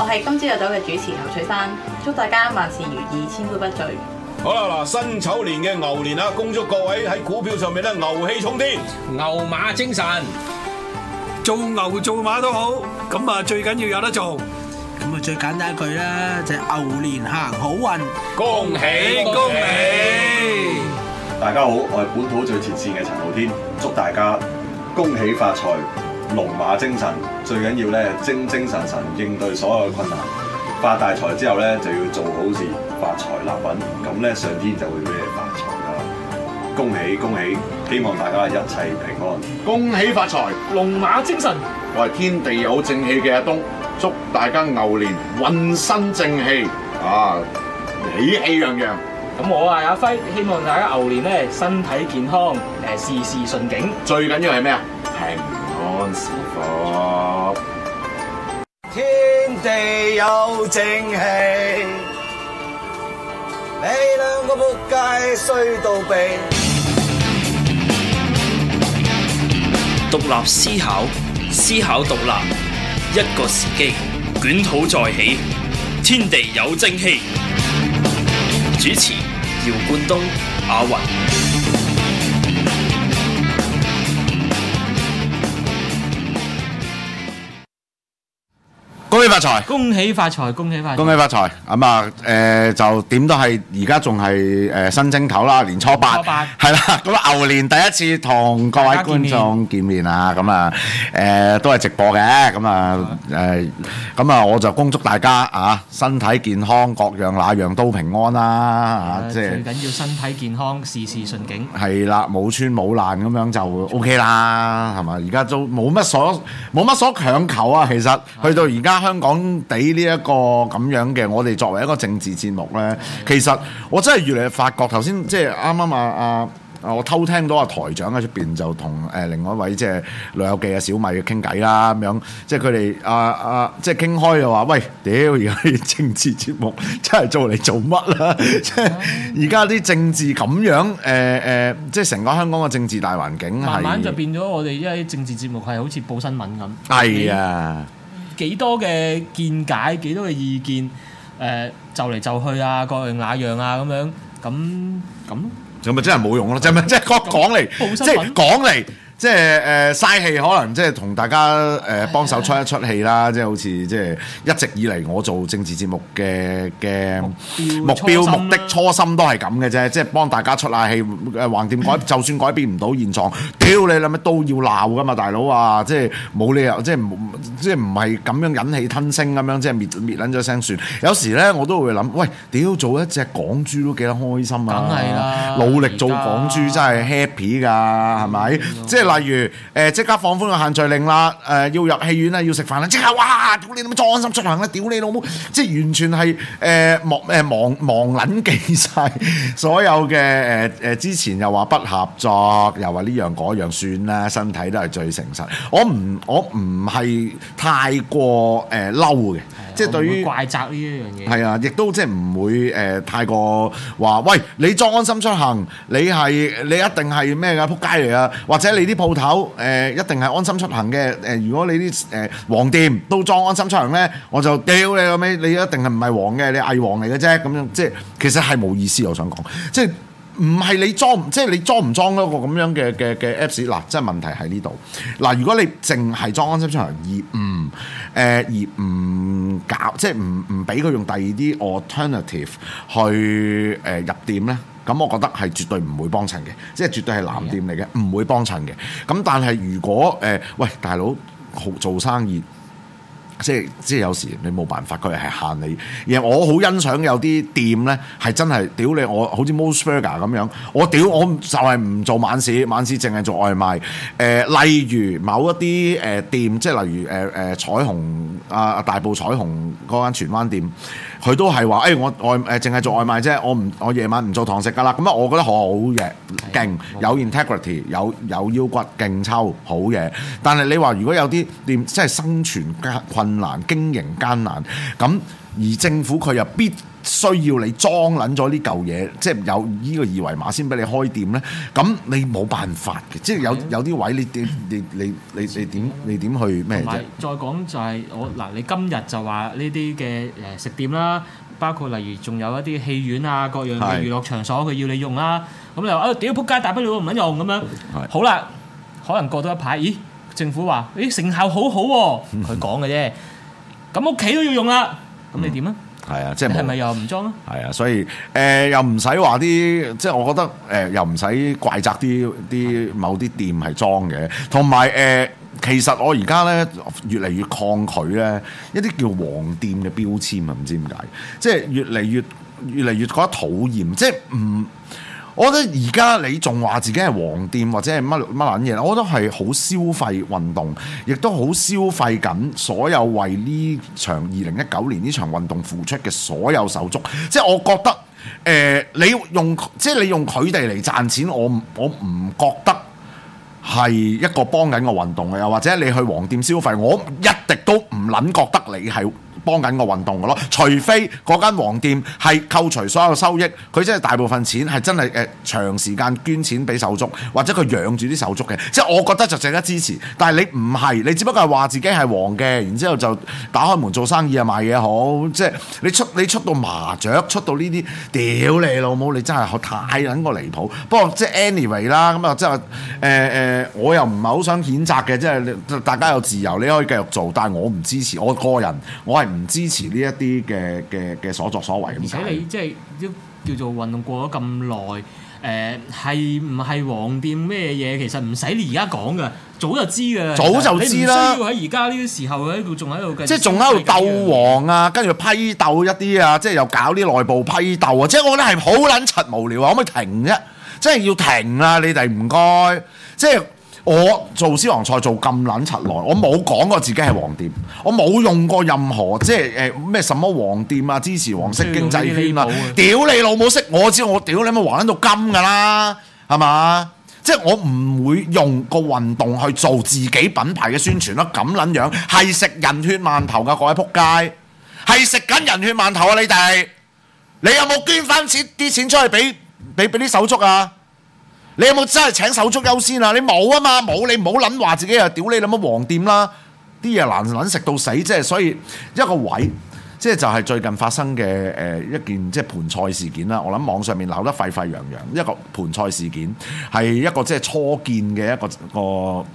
我係今朝早嘅主持侯翠珊，祝大家萬事如意，千杯不醉。好啦，嗱，新丑年嘅牛年啊，恭祝各位喺股票上面咧牛氣衝天，牛馬精神，做牛做馬都好，咁啊最緊要有得做。咁啊最簡單一句啦，就係牛年行好運，恭喜恭喜！大家好，我係本土最前線嘅陳浩天，祝大家恭喜發財。龍馬精神，最緊要咧精精神神應對所有困難。發大財之後咧就要做好事，發財立品，咁咧上天就會俾你發財噶啦。恭喜恭喜，希望大家一切平安。恭喜發財，龍馬精神。我係天地有正氣嘅阿東，祝大家牛年渾身正氣啊，喜氣洋洋。咁我係阿輝，希望大家牛年咧身體健康，誒事事順景。最緊要係咩啊？平。安天地有正氣，你兩個仆街衰到痹。獨立思考，思考獨立，一個時機，捲土再起，天地有正氣。主持：姚冠東、阿云。恭喜發財！恭喜發財！恭喜發財！咁啊，誒就點都係而家仲係誒新正頭啦，年初八，係啦，咁啊，牛年第一次同各位觀眾見面啊，咁啊，誒都係直播嘅，咁啊，誒咁啊，我就恭祝大家啊，身體健康，各樣那樣都平安啦，即係最緊要身體健康，事事順景。係啦，冇穿冇爛咁樣就 O K 啦，係咪？而家都冇乜所冇乜所強求啊，其實去到而家香。講地呢一個咁樣嘅，我哋作為一個政治節目咧， 其實我真係越嚟越發覺，頭先即係啱啱啊，阿、啊、我偷聽到阿、啊、台長喺出邊就同誒另外一位即係旅遊記啊小米傾偈啦咁樣，即係佢哋啊，阿、啊、即係傾開就話，喂，屌而家啲政治節目真係做嚟做乜啊、 呃呃？即係而家啲政治咁樣，誒誒，即係成個香港嘅政治大環境，慢慢就變咗我哋一啲政治節目係好似報新聞咁，係啊。幾多嘅見解，幾多嘅意見，誒、呃、就嚟就去啊，各，各樣那樣啊，咁樣，咁咁咯，咁咪真係冇用咯，即係咪即係講嚟，即係、哦、講嚟。即係誒嘥氣，可能即係同大家誒幫手出一出氣啦，即係好似即係一直以嚟我做政治節目嘅嘅目標目的初心都係咁嘅啫，即係幫大家出下氣誒，橫掂改就算改變唔到現狀，屌你諗咩都要鬧噶嘛，大佬啊，即係冇理由，即係即係唔係咁樣忍氣吞聲咁樣，即係滅滅撚咗聲算。有時咧我都會諗，喂，屌做一隻港豬都幾得開心啊！梗係啦！努力做港豬真係 happy 㗎，係咪？即係。例如，誒、呃、即刻放寬個限聚令啦，誒、呃、要入戲院啊，要食飯啦，即刻哇！屌你老母裝安心出行啦，屌你老母！即係、就是、完全係誒忘誒忘忘撚記晒所有嘅誒誒，之前又話不合作，又話呢樣嗰樣算啦，身體都係最誠實。我唔我唔係太過誒嬲嘅。呃即係對於怪責呢一樣嘢，係啊，亦都即係唔會誒、呃、太過話，喂，你裝安心出行，你係你一定係咩㗎撲街嚟啊？或者你啲鋪頭誒一定係安心出行嘅誒、呃？如果你啲誒、呃、黃店都裝安心出行咧，我就屌你個尾，你一定係唔係黃嘅？你偽黃嚟嘅啫，咁、嗯、樣即係其實係冇意思，我想講，即係。唔係你裝，即、就、係、是、你裝唔裝嗰個咁樣嘅嘅 Apps，嗱，即係、啊、問題喺呢度。嗱、啊，如果你淨係裝安心出行而唔誒、呃、而唔搞，即係唔唔俾佢用第二啲 alternative 去誒、呃、入店呢，咁我覺得係絕對唔會幫襯嘅，即係絕對係藍店嚟嘅，唔的會幫襯嘅。咁但係如果誒、呃，喂，大佬好做生意。即係即係有時你冇辦法，佢係限你。而我好欣賞有啲店呢，係真係屌你！我好似 MOS Burger 咁樣，我屌我就係唔做晚市，晚市淨係做外賣。誒、呃，例如某一啲誒、呃、店，即係例如誒誒、呃呃、彩虹啊、呃，大埔彩虹嗰間荃灣店。佢都係話：誒、欸，我外誒淨係做外賣啫，我唔我夜晚唔做堂食噶啦。咁啊，我覺得好嘢，勁、哎，嗯、有 integrity，有有腰骨，勁抽，好嘢。但係你話如果有啲店即係生存困難，經營艱難，咁而政府佢又必。需要你裝撚咗呢嚿嘢，即係有呢個二維碼先俾你開店咧。咁你冇辦法嘅，即係有有啲位你點你你你你點你點去咩啫？再講就係我嗱，你今日就話呢啲嘅誒食店啦，包括例如仲有一啲戲院啊，各樣嘅娛樂場所，佢要你用啦。咁你話啊屌撲街，大不了唔撚用咁樣。好啦，可能過到一排，咦？政府話咦成效好好喎，佢講嘅啫。咁屋企都要用啦，咁你點啊？係啊，即係係咪又唔裝咯？係啊，所以誒、呃、又唔使話啲，即係我覺得誒、呃、又唔使怪責啲啲某啲店係裝嘅，同埋誒其實我而家咧越嚟越抗拒咧一啲叫黃店嘅標籤啊，唔知點解，即係越嚟越越嚟越覺得討厭，即係唔。嗯。我覺得而家你仲話自己係黃店或者係乜乜撚嘢，我覺得係好消費運動，亦都好消費緊所有為呢場二零一九年呢場運動付出嘅所有手足。即係我覺得，誒、呃，你用即係你用佢哋嚟賺錢，我我唔覺得係一個幫緊個運動嘅，又或者你去黃店消費，我一直都唔撚覺得你係。幫緊個運動嘅咯，除非嗰間黃店係扣除所有收益，佢真係大部分錢係真係誒長時間捐錢俾手足，或者佢養住啲手足嘅，即係我覺得就值得支持。但係你唔係，你只不過係話自己係黃嘅，然之後就打開門做生意啊賣嘢好，即係你出你出到麻雀出到呢啲，屌你老母！你真係太撚個離譜。不過即係 anyway 啦，咁啊即係誒誒，我又唔係好想譴責嘅，即係大家有自由，你可以繼續做，但係我唔支持，我個人我係。唔支持呢一啲嘅嘅嘅所作所為咁解。你即係都叫做運動過咗咁耐，誒係唔係黃店咩嘢？其實唔使你而家講嘅，早就知嘅，早就知啦。唔需要喺而家呢啲時候喺度，仲喺度，即係仲喺度鬥黃啊，跟住批鬥一啲啊，即係又搞啲內部批鬥啊，即係我覺得係好撚柒無聊啊，可唔可以停啫、啊？即係要停啦、啊，你哋唔該，即係。我做私房菜做咁撚柒耐，我冇講過自己係黃店，我冇用過任何即係誒咩什麼黃店啊、支持黃色經濟圈啊， 屌你老母識我！我知我屌你咪黃撚到金㗎啦，係嘛？即係我唔會用個運動去做自己品牌嘅宣傳啦。咁撚樣係食人血饅頭㗎，各位仆街，係食緊人血饅頭啊！你哋，你有冇捐翻錢啲錢出去俾俾俾啲手足啊？你有冇真係請手足優先啊？你冇啊嘛，冇你唔好撚話自己又屌你諗乜黃店啦！啲嘢難撚食到死啫，所以一個位，即係就係、是、最近發生嘅誒一件即係、就是、盆菜事件啦。我諗網上面鬧得沸沸揚揚，一個盆菜事件係一個即係初見嘅一個一個。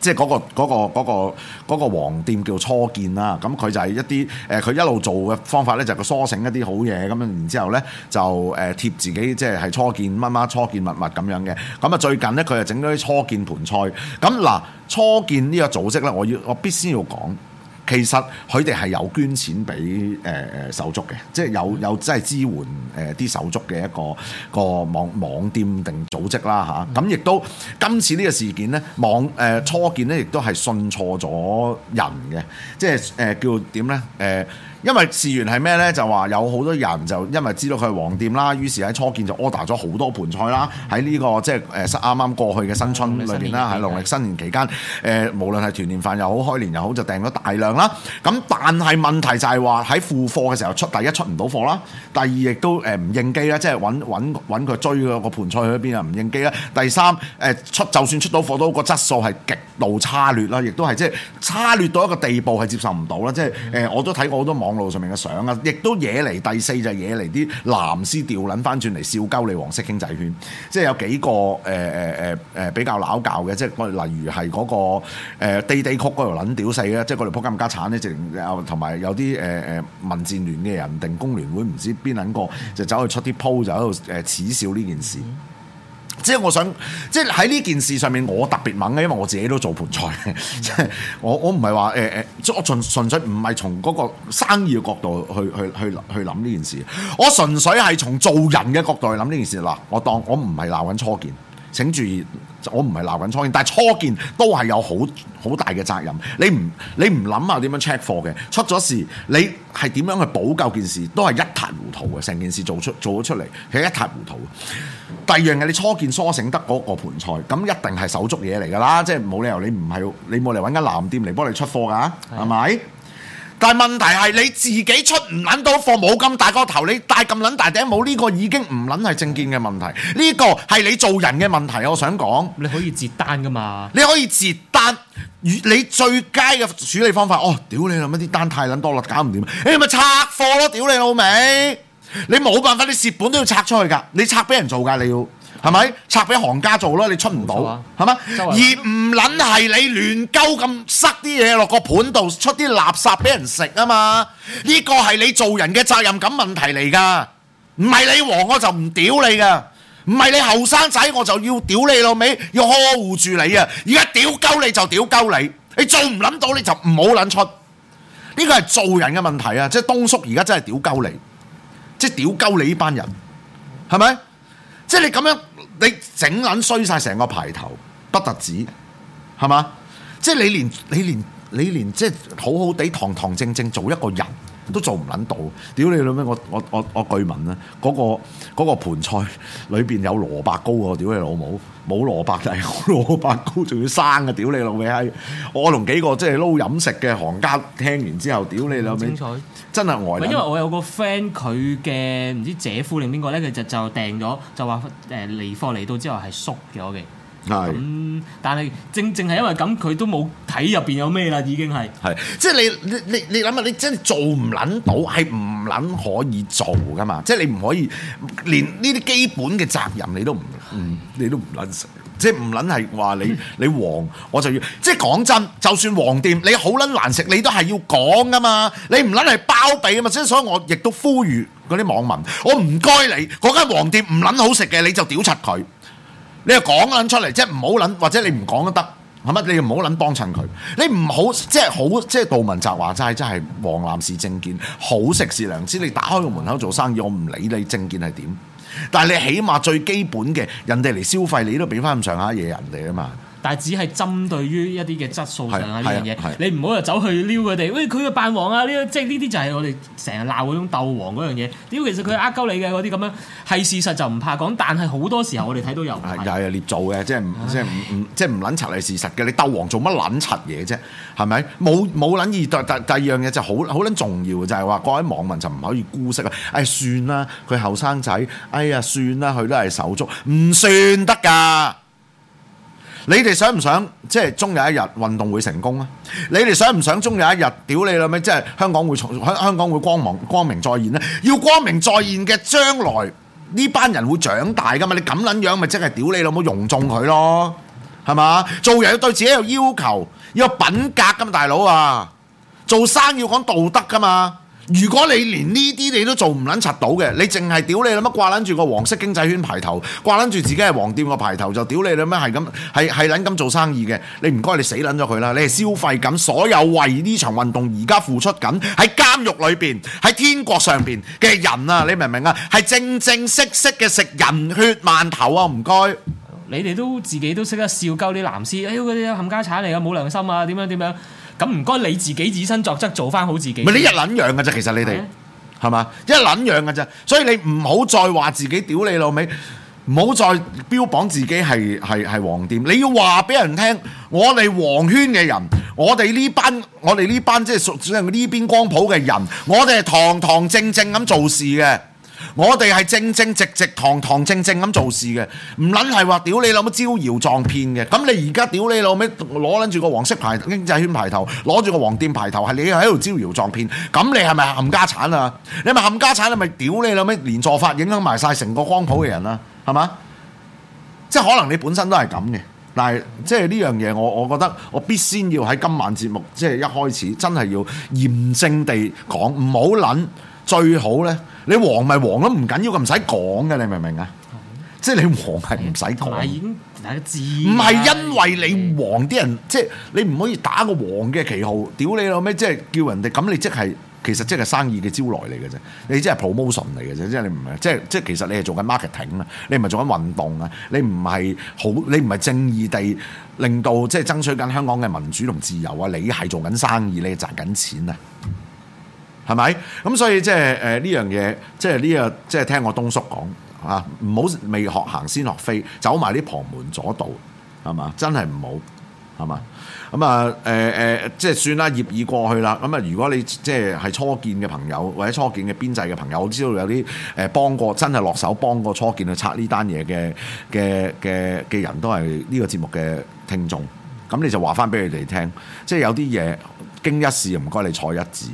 即係嗰個嗰個嗰個嗰個黃店叫初見啦，咁佢就係一啲誒，佢一路做嘅方法咧就佢梳醒一啲好嘢咁樣，然之後咧就誒貼自己即係係初見乜乜初見物物咁樣嘅，咁啊最近咧佢就整咗啲初見盤菜，咁嗱初見呢個組織咧，我要我必須要講。其實佢哋係有捐錢俾誒誒手足嘅，即係有有即係支援誒啲、呃、手足嘅一個一個網網店定組織啦嚇。咁、啊、亦都今次呢個事件咧，網誒、呃、初見呢亦都係信錯咗人嘅，即係誒、呃、叫點呢？誒、呃。因為事源係咩呢？就話有好多人就因為知道佢係黃店啦，於是喺初見就 order 咗好多盤菜啦。喺呢、mm hmm. 呢個即係啱啱過去嘅新春裏邊啦，喺農曆新年期間，誒、呃、無論係團年飯又好，開年又好，就訂咗大量啦。咁但係問題就係話喺付貨嘅時候出第一出唔到貨啦，第二亦都誒唔應機啦，即係揾揾佢追嗰個盤菜去邊啊？唔應機啦。第三誒出、呃、就算出到貨都，都、個質素係極度差劣啦，亦都係即係差劣到一個地步係接受唔到啦。即、就、係、係 mm hmm. 我都睇過好多網。網路上面嘅相啊，亦都惹嚟第四就係惹嚟啲藍絲調捻翻轉嚟笑鳩你黃色經濟圈，即係有幾個誒誒誒誒比較撚教嘅，即係例如係嗰、那個誒、呃、地地曲嗰條捻屌細啊，即係嗰條撲金家產咧，直同埋有啲誒誒民建聯嘅人定工聯會唔知邊捻個就走去出啲 po 就喺度誒恥笑呢件事。即係我想，即係喺呢件事上面，我特別猛嘅，因為我自己都做盤菜，即係、mm hmm. 我我唔係話誒誒，我純純粹唔係從嗰個生意嘅角度去去去去諗呢件事，我純粹係從做人嘅角度去諗呢件事。嗱，我當我唔係鬧緊初見。請注意，我唔係鬧緊初見，但係初見都係有好好大嘅責任。你唔你唔諗下點樣 check 貨嘅？出咗事，你係點樣去補救件事？都係一塌糊塗嘅。成件事做出做咗出嚟，係一塌糊塗。第二樣嘢，你初見疏醒得嗰個盤菜，咁一定係手足嘢嚟㗎啦，即係冇理由你唔係你冇嚟揾間藍店嚟幫你出貨㗎，係咪的？但係問題係你自己出唔撚到貨，冇咁大個頭，你戴咁撚大頂帽呢個已經唔撚係政見嘅問題，呢個係你做人嘅問題。我想講，你可以截單噶嘛？你可以截單，你最佳嘅處理方法，哦，屌你諗乜啲單太撚多啦，搞唔掂，你咪拆貨咯，屌你老味，你冇辦法，你蝕本都要拆出去㗎，你拆俾人做㗎，你要。係咪拆俾行家做咯？你出唔到，係嘛？而唔撚係你亂鳩咁塞啲嘢落個盤度，出啲垃圾俾人食啊嘛！呢個係你做人嘅責任感問題嚟㗎。唔係你黃我就唔屌你㗎，唔係你後生仔我就要屌你老味，要呵護住你啊！而家屌鳩你就屌鳩你，你做唔撚到你就唔好撚出。呢個係做人嘅問題啊！即係東叔而家真係屌鳩你，即係屌鳩你呢班人，係咪？即係你咁樣。你整撚衰晒成個牌頭，不特止，係嘛？即係你連你連你連即係好好地堂堂正正做一個人都做唔撚到，屌你老咩！我我我我據聞啊，嗰個嗰個盤菜裏邊有蘿蔔糕喎，屌你老母，冇蘿蔔就係蘿蔔糕，仲要生嘅，屌你老味，閪！我同幾個即係撈飲食嘅行家聽完之後，屌你老味。真係外因為我有個 friend，佢嘅唔知姐夫定邊個咧，佢就就訂咗，就話誒嚟貨嚟到之後係縮咗嘅。係是、嗯，但係正正係因為咁，佢都冇睇入邊有咩啦，已經係係，即係你你你你諗下，你真係做唔撚到，係唔撚可以做噶嘛，即係你唔可以連呢啲基本嘅責任你都唔。嗯，你都唔撚食，即係唔撚係話你你黃我就要，即係講真，就算黃店你好撚難食，你都係要講噶嘛，你唔撚係包庇啊嘛，即所以我亦都呼籲嗰啲網民，我唔該你，嗰間黃店唔撚好食嘅，你就屌柒佢，你又講撚出嚟，即係唔好撚，或者你唔講都得，係咪？你唔好撚幫襯佢，你唔好即係好，即係杜汶澤話齋，即係黃藍是政見，好食是良知，你打開個門口做生意，我唔理你政見係點。但係你起碼最基本嘅，人哋嚟消費，你都俾翻咁上下嘢，人哋啊嘛。但只係針對於一啲嘅質素上啊呢是的 樣嘢，的你唔好又走去撩佢哋。喂，佢個扮王啊！呢，即係呢啲就係我哋成日鬧嗰種鬥王嗰樣嘢。屌，其實佢呃鳩你嘅嗰啲咁樣係事實就唔怕講，但係好多時候我哋睇到有。係又係捏造嘅，即係唔即係唔即係唔撚查係事實嘅。你鬥王做乜撚柒嘢啫？係咪冇冇撚意？第第二樣嘢就好好撚重要嘅就係話，各位網民就唔可以姑息啊！誒算啦，佢後生仔，哎呀算啦，佢都係手足，唔算得㗎。你哋想唔想即係終有一日運動會成功啊？你哋想唔想終有一日屌你老味，即係香港會重香港會光芒光明再現咧？要光明再現嘅將來呢班人會長大噶嘛？你咁撚樣咪即係屌你老母容縱佢咯，係嘛？做人要對自己有要求，要有品格噶嘛，大佬啊！做生意要講道德噶嘛。如果你連呢啲你都做唔撚插到嘅，你淨係屌你諗乜掛撚住個黃色經濟圈牌頭，掛撚住自己係黃店個牌頭就屌你諗咩？係咁係係撚咁做生意嘅，你唔該你死撚咗佢啦！你係消費緊所有為呢場運動而家付出緊喺監獄裏邊喺天國上邊嘅人啊！你明唔明啊？係正正式式嘅食人血饅頭啊！唔該。你哋都自己都識得笑鳩啲男士，哎喲嗰啲冚家產嚟噶，冇良心啊！點樣點樣？咁唔該你自己以身作則，做翻好自己。你一撚樣噶啫，其實你哋係嘛？一撚樣噶啫，所以你唔好再話自己屌你老味，唔好再標榜自己係係係黃店。你要話俾人聽，我哋黃圈嘅人，我哋呢班我哋呢班即係、就是、屬於呢邊光譜嘅人，我哋係堂堂正正咁做事嘅。我哋係正正直直堂堂正正咁做事嘅，唔撚係話屌你老味招搖撞騙嘅。咁你而家屌你老味攞撚住個黃色牌經濟圈牌頭，攞住個黃店牌頭，係你喺度招搖撞騙，咁你係咪冚家產啊？你咪冚家產，是是你咪屌你老味連坐法影響埋晒成個光譜嘅人啦、啊，係嘛？即係可能你本身都係咁嘅，但係即係呢樣嘢，我我覺得我必先要喺今晚節目即係一開始，真係要嚴正地講，唔好撚最好呢。你黃咪黃都唔緊要，佢唔使講嘅，你明唔明啊？嗯、即係你黃係唔使講。唔係已經唔係因為你黃，啲人、嗯、即係你唔可以打個黃嘅旗號，屌你老咩？即係叫人哋咁，你即係其實即係生意嘅招來嚟嘅啫。你即係 promotion 嚟嘅啫，即係你唔係即係即係其實你係做緊 marketing 啊，你唔係做緊運動啊，你唔係好你唔係正義地令到即係爭取緊香港嘅民主同自由啊！你係做緊生意，你賺緊錢啊！係咪？咁所以即係誒呢樣嘢，即係呢個即係聽我東叔講啊！唔好未學行先學飛，走埋啲旁門左道係嘛？真係唔好係嘛？咁啊誒誒，即係算啦，業已過去啦。咁啊，如果你即係係初見嘅朋友，或者初見嘅編制嘅朋友，我知道有啲誒幫過真係落手幫過初見去拆呢單嘢嘅嘅嘅嘅人都係呢個節目嘅聽眾。咁你就話翻俾佢哋聽，即係有啲嘢經一事唔該你長一智。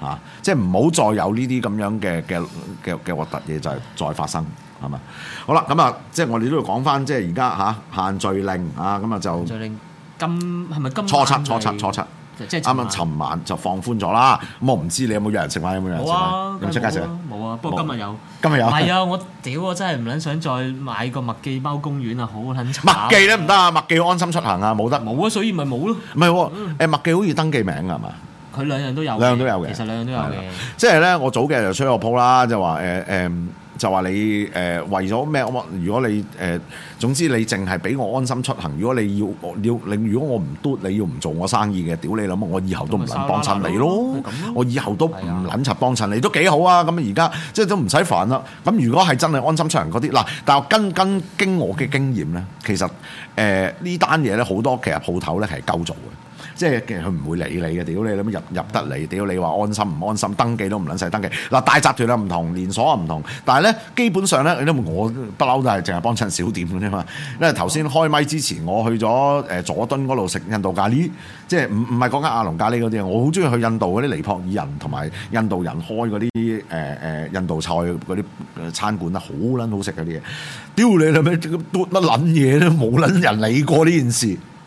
嚇！即係唔好再有呢啲咁樣嘅嘅嘅嘅核突嘢就係再發生，係嘛？好啦，咁啊，即係我哋都要講翻，即係而家嚇限聚令啊，咁啊就……限聚令今係咪今？初七，初七，初七，即係啱啱尋晚就放寬咗啦。咁我唔知你有冇約人食飯，有冇約人食飯？冇出街食冇啊！不過今日有，今日有。唔係啊！我屌，我真係唔撚想再買個麥記包公園啊！好撚慘。麥記都唔得啊！麥記安心出行啊，冇得。冇啊，所以咪冇咯。唔係喎，誒麥記好似登記名㗎係嘛？佢兩樣都有，兩樣都有嘅。其實兩樣都有嘅。即係咧，我早嘅就出咗鋪啦，就話誒誒，就話你誒、呃、為咗咩？如果你誒、呃，總之你淨係俾我安心出行。如果你要要你，如果我唔嘟，你要唔做我生意嘅，屌你啦！我以後都唔想幫襯你咯。我，我以後都唔撚幫襯你都幾好啊！咁而家即係都唔使煩啦。咁如果係真係安心出行嗰啲嗱，但係跟跟經我嘅經驗咧，其實誒呢單嘢咧好多其實鋪頭咧係夠做嘅。即係佢唔會理你嘅，屌你！諗入入得嚟。屌你話安心唔安心？登記都唔撚使登記。嗱，大集團又唔同，連鎖又唔同，但係咧基本上咧，因為我不嬲都係淨係幫襯小店嘅啫嘛。因為頭先開咪之前，我去咗誒佐敦嗰度食印度咖喱，即係唔唔係講緊阿龍咖喱嗰啲啊？我好中意去印度嗰啲尼泊爾人同埋印度人開嗰啲誒誒印度菜嗰啲餐館啊，好撚好食嗰啲嘢。屌 你啦咪都乜撚嘢咧？冇撚人理過呢件事。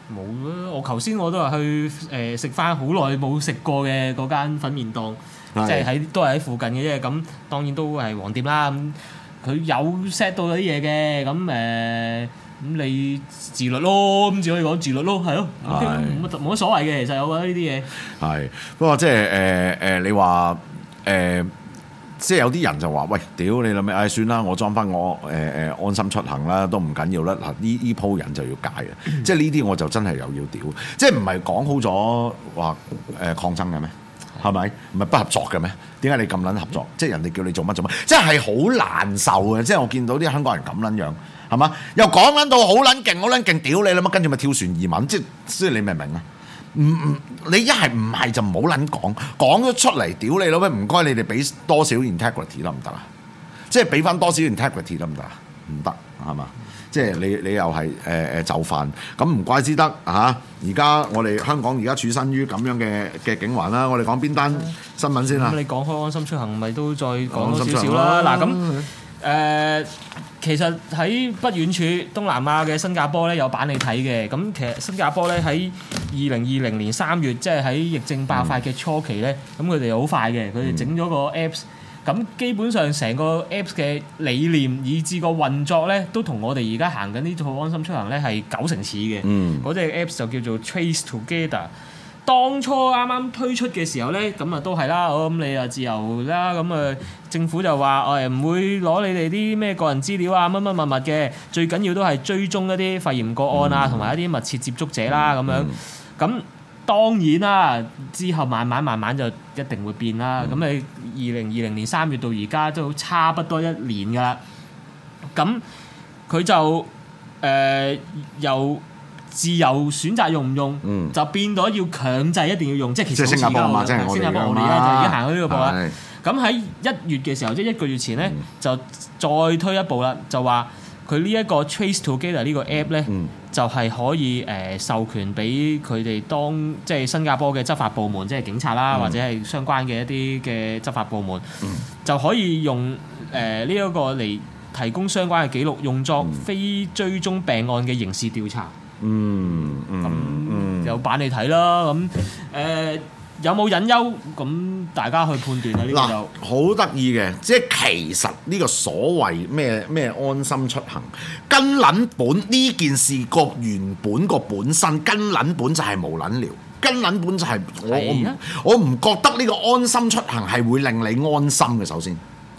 冇。 頭先我都係去誒食翻好耐冇食過嘅嗰間粉麵檔，是即係喺都係喺附近嘅啫。咁當然都係黃店啦。咁佢有 set 到啲嘢嘅，咁誒咁你自律咯，咁只可以講自律咯，係咯，冇乜是、okay, 所謂嘅，其實我覺得呢啲嘢。係不過即係誒誒，你話誒。呃即係有啲人就話：喂，屌你諗咩？唉、哎，算啦，我裝翻我誒誒、呃、安心出行啦，都唔緊要啦。嗱，呢呢鋪人就要解嘅，即係呢啲我就真係又要屌。即係唔係講好咗話誒抗爭嘅咩？係咪？唔係不合作嘅咩？點解你咁撚合作？即係人哋叫你做乜做乜？即係好難受嘅。即係我見到啲香港人咁撚樣，係嘛？又講撚到好撚勁，好撚勁，屌你啦乜？跟住咪跳船移民，即係所以你明唔明啊？唔唔，你一係唔係就唔好撚講，講咗出嚟屌你老味！唔該，你哋俾多少 integrity 得唔得啊？即係俾翻多少 integrity 行行行行，呃、得唔得啊？唔得係嘛？即係你你又係誒誒就犯咁唔怪之得嚇！而家我哋香港而家處身於咁樣嘅嘅境環啦，我哋講邊單新聞先啦。咁你講開安心出行，咪都再講多少少啦。嗱咁誒，嗯呃其實喺不遠處東南亞嘅新加坡咧有版你睇嘅，咁其實新加坡咧喺二零二零年三月，即係喺疫症爆發嘅初期咧，咁佢哋好快嘅，佢哋整咗個 Apps，咁基本上成個 Apps 嘅理念以至個運作咧，都同我哋而家行緊呢套安心出行咧係九成似嘅，嗰隻 Apps 就叫做 Trace Together。當初啱啱推出嘅時候咧，咁啊都係啦，好、哦，咁、嗯、你就自由啦，咁、嗯、啊政府就話誒唔會攞你哋啲咩個人資料啊乜乜物物嘅，最緊要都係追蹤一啲肺炎個案啊，同埋一啲密切接觸者啦咁樣。咁、嗯嗯、當然啦，之後慢慢慢慢就一定會變啦。咁你二零二零年三月到而家都差不多一年㗎喇。咁佢就誒由，呃自由選擇用唔用、嗯、就變咗要強制一定要用，即其實新，新加坡、新加坡嚟咧就已經行咗呢個步啦。咁喺一月嘅時候，即、就、一、是、個月前咧、嗯、就再推一步啦，就話佢呢一個 TraceTogether 呢個 app 咧、嗯嗯、就係可以誒、呃、授權俾佢哋當即係新加坡嘅執法部門，即係警察啦，嗯、或者係相關嘅一啲嘅執法部門、嗯嗯、就可以用誒呢一個嚟提供相關嘅記錄，用作非追蹤病案嘅刑事調查。嗯，咁、嗯嗯呃、有版你睇啦，咁誒有冇隱憂？咁大家去判斷啦，呢、嗯、個好得意嘅。即係其實呢個所謂咩咩安心出行，根撚本呢件事個原本個本身根撚本就係無撚聊，根撚本就係、是、我、啊、我唔我唔覺得呢個安心出行係會令你安心嘅。首先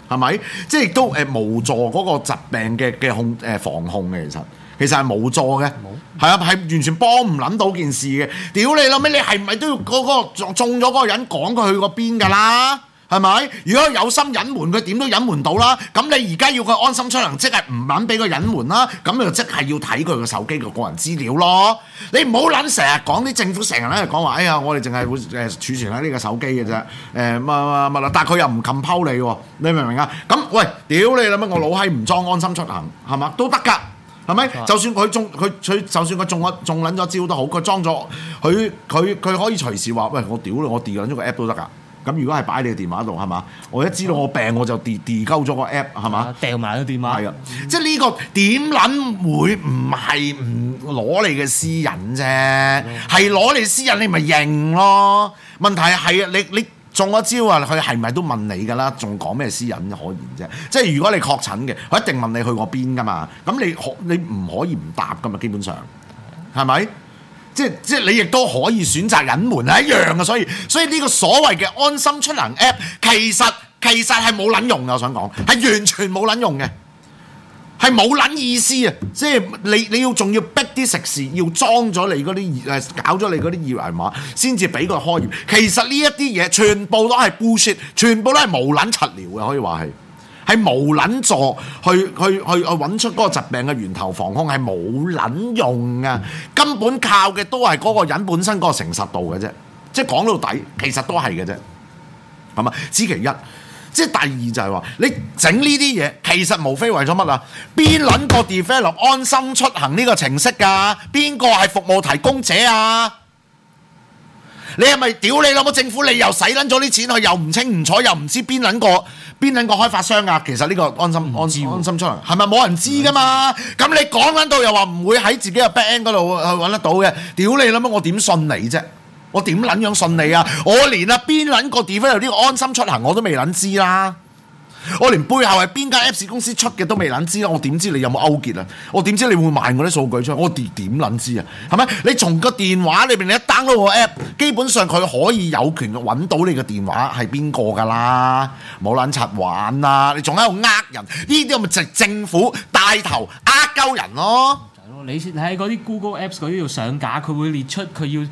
係咪？即係都誒、呃、無助嗰個疾病嘅嘅控誒、呃、防控嘅其實。其實係冇錯嘅，係問啊，係完全幫唔撚到件事嘅。屌你啦，咩你係唔係都要嗰、那個中咗嗰個人講佢去個邊㗎啦？係咪？如果有心隱瞞佢，點都隱瞞到啦？咁你而家要佢安心出行，即係唔撚俾佢隱瞞啦。咁你就即係要睇佢個手機個個人資料咯。你唔好諗，成日講啲政府成日喺度講話，哎呀，我哋淨係會誒、呃、儲存喺呢個手機嘅啫。誒乜乜乜啦？但係佢又唔近拋你喎，你明唔明啊？咁喂，屌你啦，咩我老閪唔裝安心出行係嘛都得㗎。係咪？ 就算佢仲佢佢，就算佢仲我仲撚咗招都好，佢裝咗佢佢佢可以隨時話喂，我屌你，我 delete 咗個 app 都得噶。咁如果係擺你嘅電話度，係嘛？我一知道我病，我就 delete 鳩咗個 app，係嘛？掉埋咗電話。係啊吧，即係呢、這個點撚會唔係唔攞你嘅私隱啫？係攞 你私隱，你咪認咯。問題係啊，你你。中咗招啊！佢係咪都問你噶啦？仲講咩私隱可言啫？即係如果你確診嘅，佢一定問你去過邊噶嘛？咁你可你唔可以唔答噶嘛？基本上係咪？即係即係你亦都可以選擇隱瞞係一樣嘅，所以所以呢個所謂嘅安心出行 App 其實其實係冇撚用嘅，我想講係完全冇撚用嘅。係冇撚意思啊！即係你你要仲要逼啲食肆要裝咗你嗰啲誒搞咗你嗰啲二維碼，先至俾佢開業。其實呢一啲嘢全部都係 bullshit，全部都係無撚闢聊嘅，可以話係係無撚助去去去揾出嗰個疾病嘅源頭防控係冇撚用啊！根本靠嘅都係嗰個人本身嗰個誠實度嘅啫，即係講到底其實都係嘅啫。係嘛，此其一。即係第二就係、是、話，你整呢啲嘢其實無非為咗乜啊？邊撚 個 develop 安心出行呢個程式㗎？邊個係服務提供者啊？ 你係咪屌你老母？政府你又使撚咗啲錢去，又唔清唔楚，又唔知邊撚個邊撚個開發商啊？其實呢個安心安，安心出行係咪冇人知㗎嘛？咁的你講撚到又話唔會喺自己個 band 嗰度去揾得到嘅，屌你老母！我點信你啫？我點撚樣信你啊！我連啊邊撚個 default 呢個安心出行我都未撚知啦，我連背後係邊間 Apps 公司出嘅都未撚知啦，我點知你有冇勾結啊？我點知你會賣我啲數據出去？我點撚知啊？係咪？你從個電話裏邊你一 download 個 App，基本上佢可以有權揾到你個電話係邊個㗎啦？冇撚柒玩啦！你仲喺度呃人？呢啲咪就係政府帶頭呃鳩人咯！就係咯，你你喺嗰啲 Google Apps 嗰啲要上架，佢會列出佢要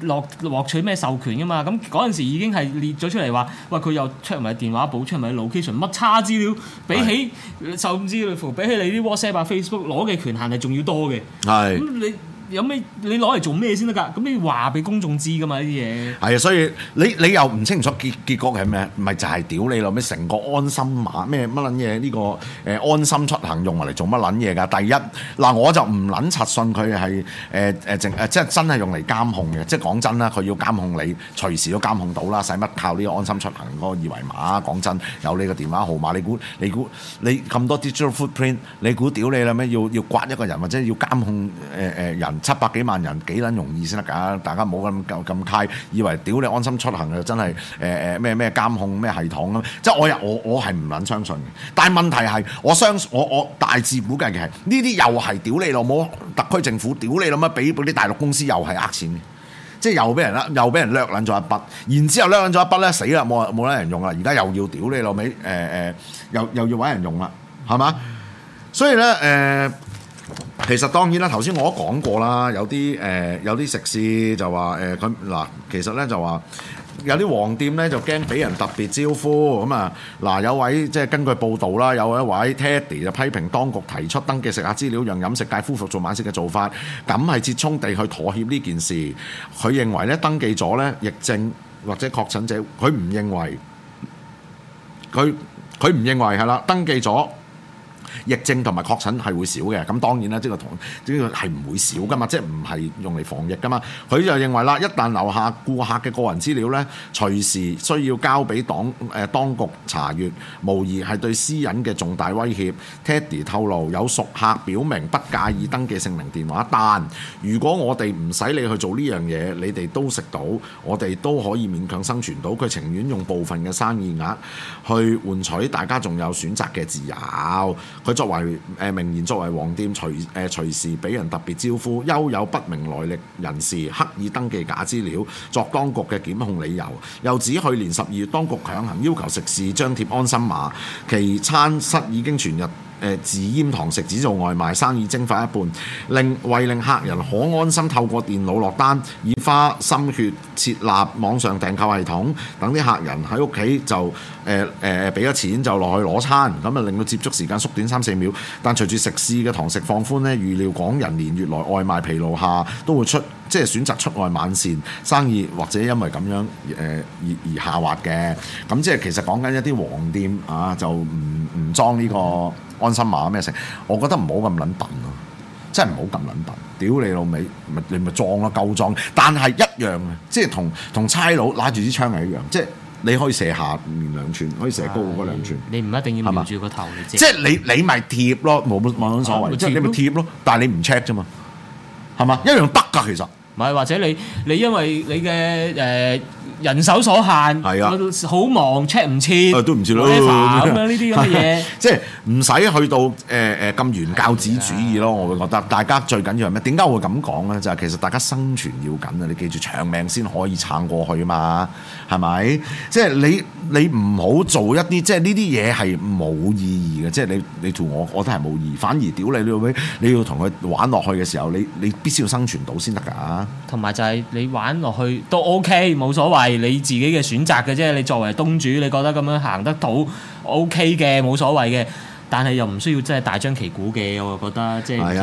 落獲取咩授權嘅嘛？咁嗰陣時已經係列咗出嚟話，喂，佢又出埋電話簿，出埋 location，乜差資料？比起受唔知，比起你啲 WhatsApp、啊 Facebook 攞嘅權限係仲要多嘅。係咁是的 你。有咩你攞嚟做咩先得噶？咁你要話俾公眾知噶嘛？呢啲嘢係啊，所以你你又唔清楚結結,結,結,結果係咩？唔係就係屌你咯？咩成個安心碼咩乜撚嘢？呢、呢個誒、嗯、安心出行用嚟做乜撚嘢㗎？第一嗱，我就唔撚信佢係誒誒即係真係用嚟監控嘅。即係講真啦，佢要監控你，隨時都監控到啦。使乜靠呢個安心出行嗰個二維碼？講真，有呢個電話號碼，你估你估你咁多 digital footprint，你估屌你啦咩？要要,要刮一個人，或者要監控誒誒人？七百幾萬人幾撚容易先得㗎？大家唔好咁咁咁以為屌你安心出行就真係誒誒咩咩監控咩系統咁，即係我又我我係唔撚相信嘅。但係問題係，我相我我大致估計嘅係呢啲又係屌你老母！特區政府屌你老母，俾嗰啲大陸公司又係呃錢嘅，即係又俾人呃，又俾人掠撚咗一筆。然之後掠撚咗一筆咧，死啦冇冇得人用啦！而家又要屌你老味誒誒，又又要揾人用啦，係嘛？所以咧誒。呃其實當然啦，頭先我都講過啦，有啲誒、呃，有啲食肆就話誒，佢、呃、嗱，其實咧就話有啲黃店咧就驚俾人特別招呼咁啊嗱，有位即係根據報道啦，有一位 Teddy 就批評當局提出登記食客資料，讓飲食界夫婦做晚食嘅做法，咁係折衷地去妥協呢件事。佢認為咧登記咗咧疫症或者確診者，佢唔認為佢佢唔認為係啦，登記咗。疫症同埋確診係會少嘅，咁當然咧，呢個同即係係唔會少噶嘛，即係唔係用嚟防疫噶嘛。佢就認為啦，一旦留下顧客嘅個人資料呢，隨時需要交俾黨誒、呃、當局查閲，無疑係對私隱嘅重大威脅。Teddy 透露有熟客表明不介意登記姓名電話，但如果我哋唔使你去做呢樣嘢，你哋都食到，我哋都可以勉強生存到。佢情願用部分嘅生意額去換取大家仲有選擇嘅自由。佢作為誒名言，呃、作為黃店隨誒、呃、隨時俾人特別招呼，又有不明來歷人士刻意登記假資料作當局嘅檢控理由。又指去年十二月，當局強行要求食肆張貼安心碼，其餐室已經全日自閹堂食，只做外賣生意，蒸發一半，令為令客人可安心透過電腦落單，而花心血設立網上訂購系統，等啲客人喺屋企就誒誒俾咗錢就落去攞餐，咁啊令到接觸時間縮短三四秒。但隨住食肆嘅堂食放寬咧，預料港人連月來外賣疲勞下，都會出即係選擇出外晚膳生意，或者因為咁樣誒而、呃、而下滑嘅。咁即係其實講緊一啲黃店啊，就唔唔裝呢、這個。安心碼咩食？我覺得唔好咁撚笨咯，即係唔好咁撚笨。屌你老味，咪你咪裝咯，夠裝。但係一樣嘅，即係同同差佬拉住支槍係一樣。即係你可以射下面兩寸，可以射高嗰兩寸。你唔一定要護住個頭嚟。吧即係你你咪貼咯，冇冇乜所謂。啊、即係你咪貼咯，但係你唔 check 啫嘛，係嘛一樣得㗎其實。唔係，或者你你因為你嘅誒、呃、人手所限，係啊，好忙 check 唔切，都唔切啦咁樣呢啲咁嘅嘢，即係唔使去到誒誒咁原教旨主義咯。啊、我會覺得大家最緊要係咩？點解我會咁講咧？就係、是、其實大家生存要緊啊！你記住長命先可以撐過去嘛？係咪？即、就、係、是、你你唔好做一啲即係呢啲嘢係冇意義嘅。即、就、係、是、你你同我我都係冇意義，反而屌你老味，你要同佢玩落去嘅時候，你你必須要生存到先得㗎。同埋就係你玩落去都 OK，冇所謂，你自己嘅選擇嘅啫。你作為東主，你覺得咁樣行得到 OK 嘅，冇所謂嘅。但係又唔需要真係大張旗鼓嘅，我又覺得即係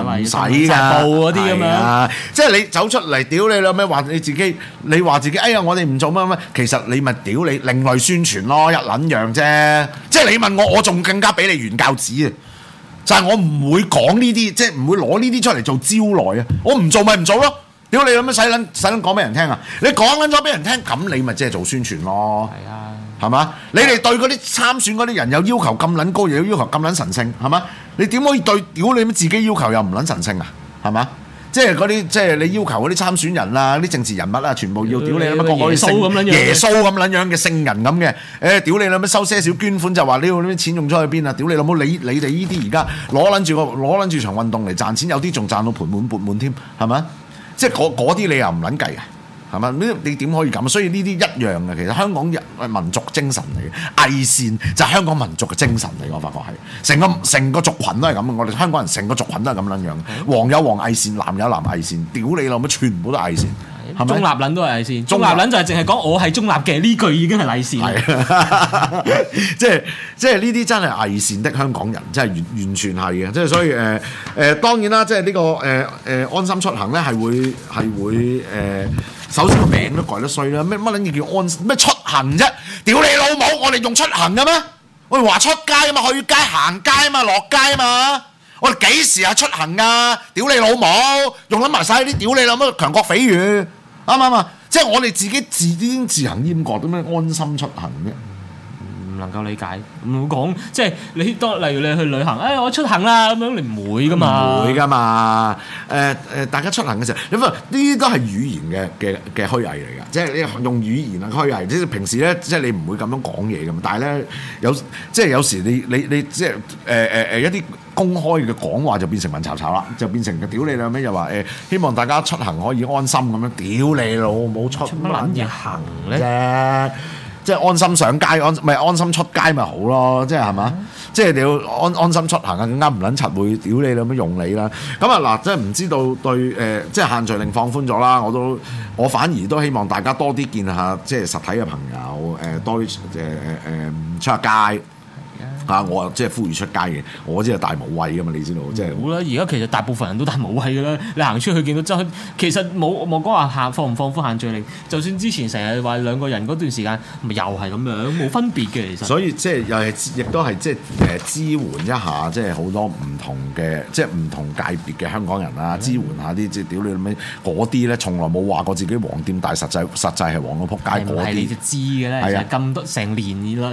使啊，步嗰啲咁樣。即係你走出嚟，屌你啦咩話？你自己你話自己哎呀，我哋唔做乜乜，其實你咪屌你，另類宣傳咯，一撚樣啫。即係你問我，我仲更加俾你原教旨，就係我唔會講呢啲，即係唔會攞呢啲出嚟做招來啊。我唔做咪唔做咯。屌你咁樣使撚使撚講俾人聽啊，你講撚咗俾人聽，咁你咪即係做宣傳咯，係啊，係嘛？你哋對嗰啲參選嗰啲人有要求咁撚高，又要要求咁撚神聖，係嘛？你點可以對屌你乜自己要求又唔撚神聖啊？係嘛？即係嗰啲即係你要求嗰啲參選人啊、啲政治人物啊，全部要屌你乜個個要聖耶穌咁撚樣嘅聖人咁嘅，誒屌你乜收些少捐款就話你啲錢用咗去邊啊？屌你老母你你哋呢啲而家攞撚住個攞撚住場運動嚟賺錢，有啲仲賺到盆滿缽滿添，係咪？即係嗰啲你又唔撚計啊，係咪？你你點可以咁？所以呢啲一樣嘅，其實香港人民族精神嚟嘅，偽善就係香港民族嘅精神嚟。我發覺係成個成個族群都係咁嘅，我哋香港人成個族群都係咁撚樣。黃有黃偽善，藍有藍偽善，屌你老母，全部都偽善。中立撚都係偽善，中立撚就係淨係講我係中立嘅呢句已經係偽善，即係即係呢啲真係偽善的香港人，真係完完全係嘅，即係所以誒誒、呃、當然啦，即係呢、這個誒誒、呃、安心出行咧，係會係會誒，首先個名都改得衰啦，咩乜撚嘢叫安咩出行啫？屌你老母，我哋用出行嘅咩？我哋話出街啊嘛，去街行街啊嘛，落街啊嘛。我哋幾時啊出行啊？屌你老母！用諗埋曬啲屌你老母強國匪語，啱唔啱啊？即係我哋自己自尊自，自行閹割，點樣安心出行？能夠理解，唔好講，即係你當例如你去旅行，哎，我出行啦咁樣，你唔會㗎嘛？唔會㗎嘛？誒、呃、誒，大家出行嘅時候，咁啊，呢啲都係語言嘅嘅嘅虛偽嚟㗎，即係你用語言嘅虛偽，即係平時咧，即係你唔會咁樣講嘢㗎嘛。但係咧有即係有時你你你即係誒誒誒一啲公開嘅講話就變成文縐縐啦，就變成屌你兩咩又話誒、呃、希望大家出行可以安心咁樣，屌你老母出乜嘢行咧？即係安心上街，安唔係安心出街咪好咯？即係係嘛？ 即係你要安安心出行啊！更加唔撚柒會屌你咁樣用你啦！咁啊嗱，即係唔知道對誒、呃，即係限聚令放寬咗啦！我都我反而都希望大家多啲見下即係實體嘅朋友誒、呃，多啲誒誒誒唔出下街。啊！我即係呼籲出街嘅，我即係大無畏噶嘛，你知道，即係好啦。而家其實大部分人都大無畏噶啦，你行出去見到真，其實冇冇講話下放唔放寬限聚令。就算之前成日話兩個人嗰段時間，咪又係咁樣，冇分別嘅其實。所以即係又係亦都係即係誒支援一下，即係好多唔同嘅即係唔同界別嘅香港人啊，支援下啲即係屌你老尾嗰啲咧，從來冇話過自己黃店大，實際實際係黃到撲街嗰啲，係你知嘅咧，係啊，咁多成年啦，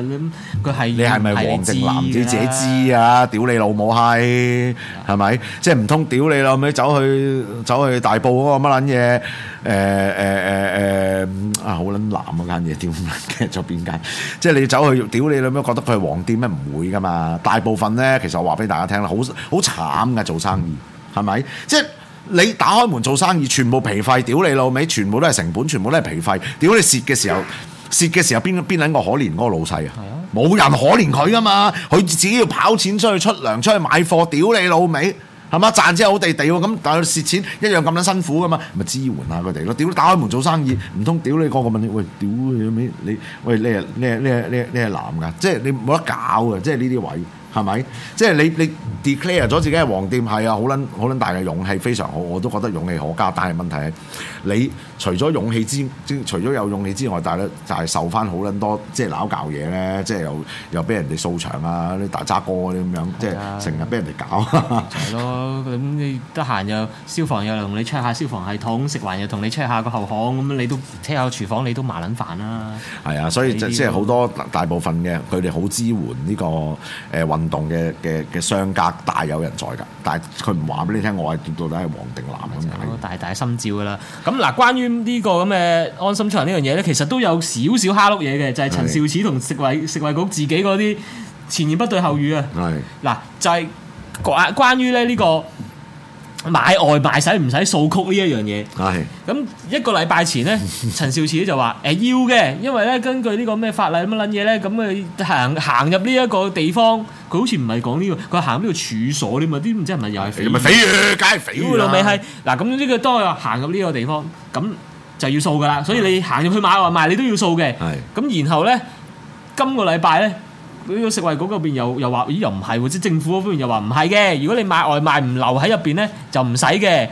佢係你係咪男仔自己知啊！屌你老母閪，係咪？即係唔通屌你老味走去走去大埔嗰個乜撚嘢？誒誒誒誒啊！好撚難嗰間嘢，屌記錯邊間？即係你走去屌你老味，咁樣覺得佢係黃店咩？唔會噶嘛！大部分咧，其實我話俾大家聽啦，好好慘嘅做生意係咪？即係你打開門做生意，全部皮費，屌你老味！全部都係成本，全部都係皮費。屌你蝕嘅時候，蝕嘅時候邊邊撚個可憐嗰個老細啊？冇人可憐佢噶嘛，佢自己要跑錢出去出糧出去買貨，屌你老味，係嘛？賺錢好地地喎，咁但係蝕錢一樣咁樣辛苦噶嘛，咪支援下佢哋咯，屌打開門做生意，唔通屌你個個問你喂，屌你你喂你係你係你你係男㗎，即係你冇得搞㗎，即係呢啲位。係咪？即係你你 declare 咗自己嘅黃店係啊，好捻好捻大嘅勇氣，非常好，我都覺得勇氣可嘉。但係問題係你除咗勇氣之即除咗有勇氣之外，但係就係受翻好捻多即係拗撬嘢咧，即係又又俾人哋掃場啊，啲大渣哥啲咁樣，即係成日俾人哋搞、啊。係咯、 嗯，咁你得閒又消防又同你 check 下消防系統，食環又同你 check 下個後巷，咁、嗯、你都 check 下廚房，你都麻捻煩啦。係啊，所以、啊、所以即係好多大部分嘅佢哋好支援呢個誒。運動嘅嘅嘅商家大有人在噶，但係佢唔話俾你聽，我係到底係黃定藍咁解，嗯就是、大大心照噶啦。咁嗱，關於呢、這個咁嘅安心出行呢樣嘢咧，其實都有少少哈碌嘢嘅，就係陳肇始同食衛食衛局自己嗰啲前言不對後語啊。係嗱是的，就係、是、關關於咧呢個。嗯買外賣使唔使掃曲呢一樣嘢？係咁、啊、一個禮拜前咧，陳肇始就話：誒， 要嘅，因為咧根據呢個咩法例乜撚嘢咧，咁佢行行入呢一個地方，佢好似唔係講呢個，佢行呢個處所添嘛，啲唔知係咪又係？肥，咪匪嘅，梗係匪啦！咪係嗱，咁呢個當佢行入呢個地方，咁就要掃噶啦。所以你行入去買外賣，你都要掃嘅。係咁是，然後咧，今個禮拜咧。食衞局嗰邊又又話：咦，又唔係喎！即政府嗰邊又話唔係嘅。如果你買外賣唔留喺入邊咧，就唔使嘅。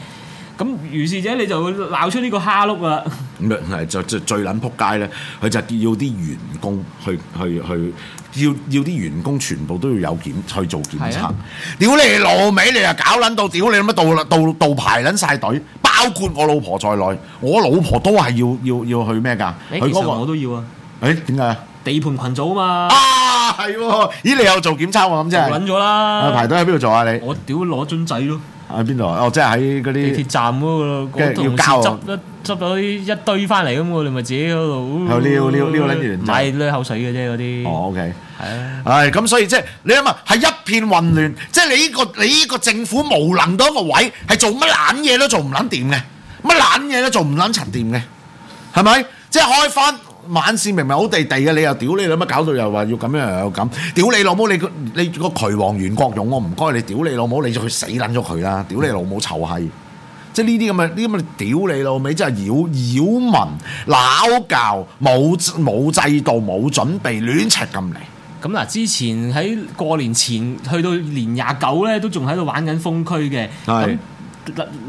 咁於是者，你就會鬧出呢個蝦碌啦。咁樣係最最最撚仆街咧！佢就要啲員工去去去，要要啲員工全部都要有檢去做檢測。屌你是、啊、老味，你又搞撚到屌你乜到到到排撚晒隊，包括我老婆在內，我老婆都係要要要去咩㗎？其實、那個、我都要啊、欸。誒點解？地盤群組啊嘛，啊係喎，咦，你又做檢測喎，咁即係揾咗啦，排隊喺邊度做啊你？我屌攞樽仔咯，喺邊度啊？哦即係喺嗰啲地鐵站嗰個，跟住同事執一執到啲一堆翻嚟咁喎，你咪自己嗰度撩撩撩，撩完係口水嘅啫嗰啲。OK，係，係咁所以即係你諗啊，係一片混亂，即係你呢個你呢個政府無能到一個位，係做乜撚嘢都做唔撚掂嘅，乜撚嘢都做唔撚沉掂嘅，係咪？即係開翻。晚市明明好地地嘅，你又屌你，老母搞到又話要咁樣又咁，屌你老母！你個你個渠王袁國勇我唔該你，屌你老母！你就去死撚咗佢啦！屌你老母臭閪！即係呢啲咁嘅呢啲咁嘅屌你老味，真係擾擾民、鬧教、冇冇制度、冇準備、亂扯咁嚟。咁嗱、嗯，之前喺過年前去到年廿九咧，都仲喺度玩緊封區嘅。嗯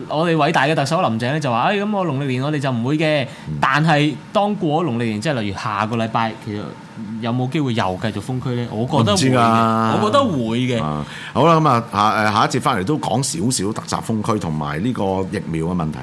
我哋偉大嘅特首林鄭咧就話：哎，咁我農曆年我哋就唔會嘅。但係當過咗農曆年，即係例如下個禮拜，其實有冇機會又繼續封區咧？我覺得唔知㗎，我覺得會嘅，啊啊。好啦，咁啊，下誒下一節翻嚟都講少少特集封區同埋呢個疫苗嘅問題。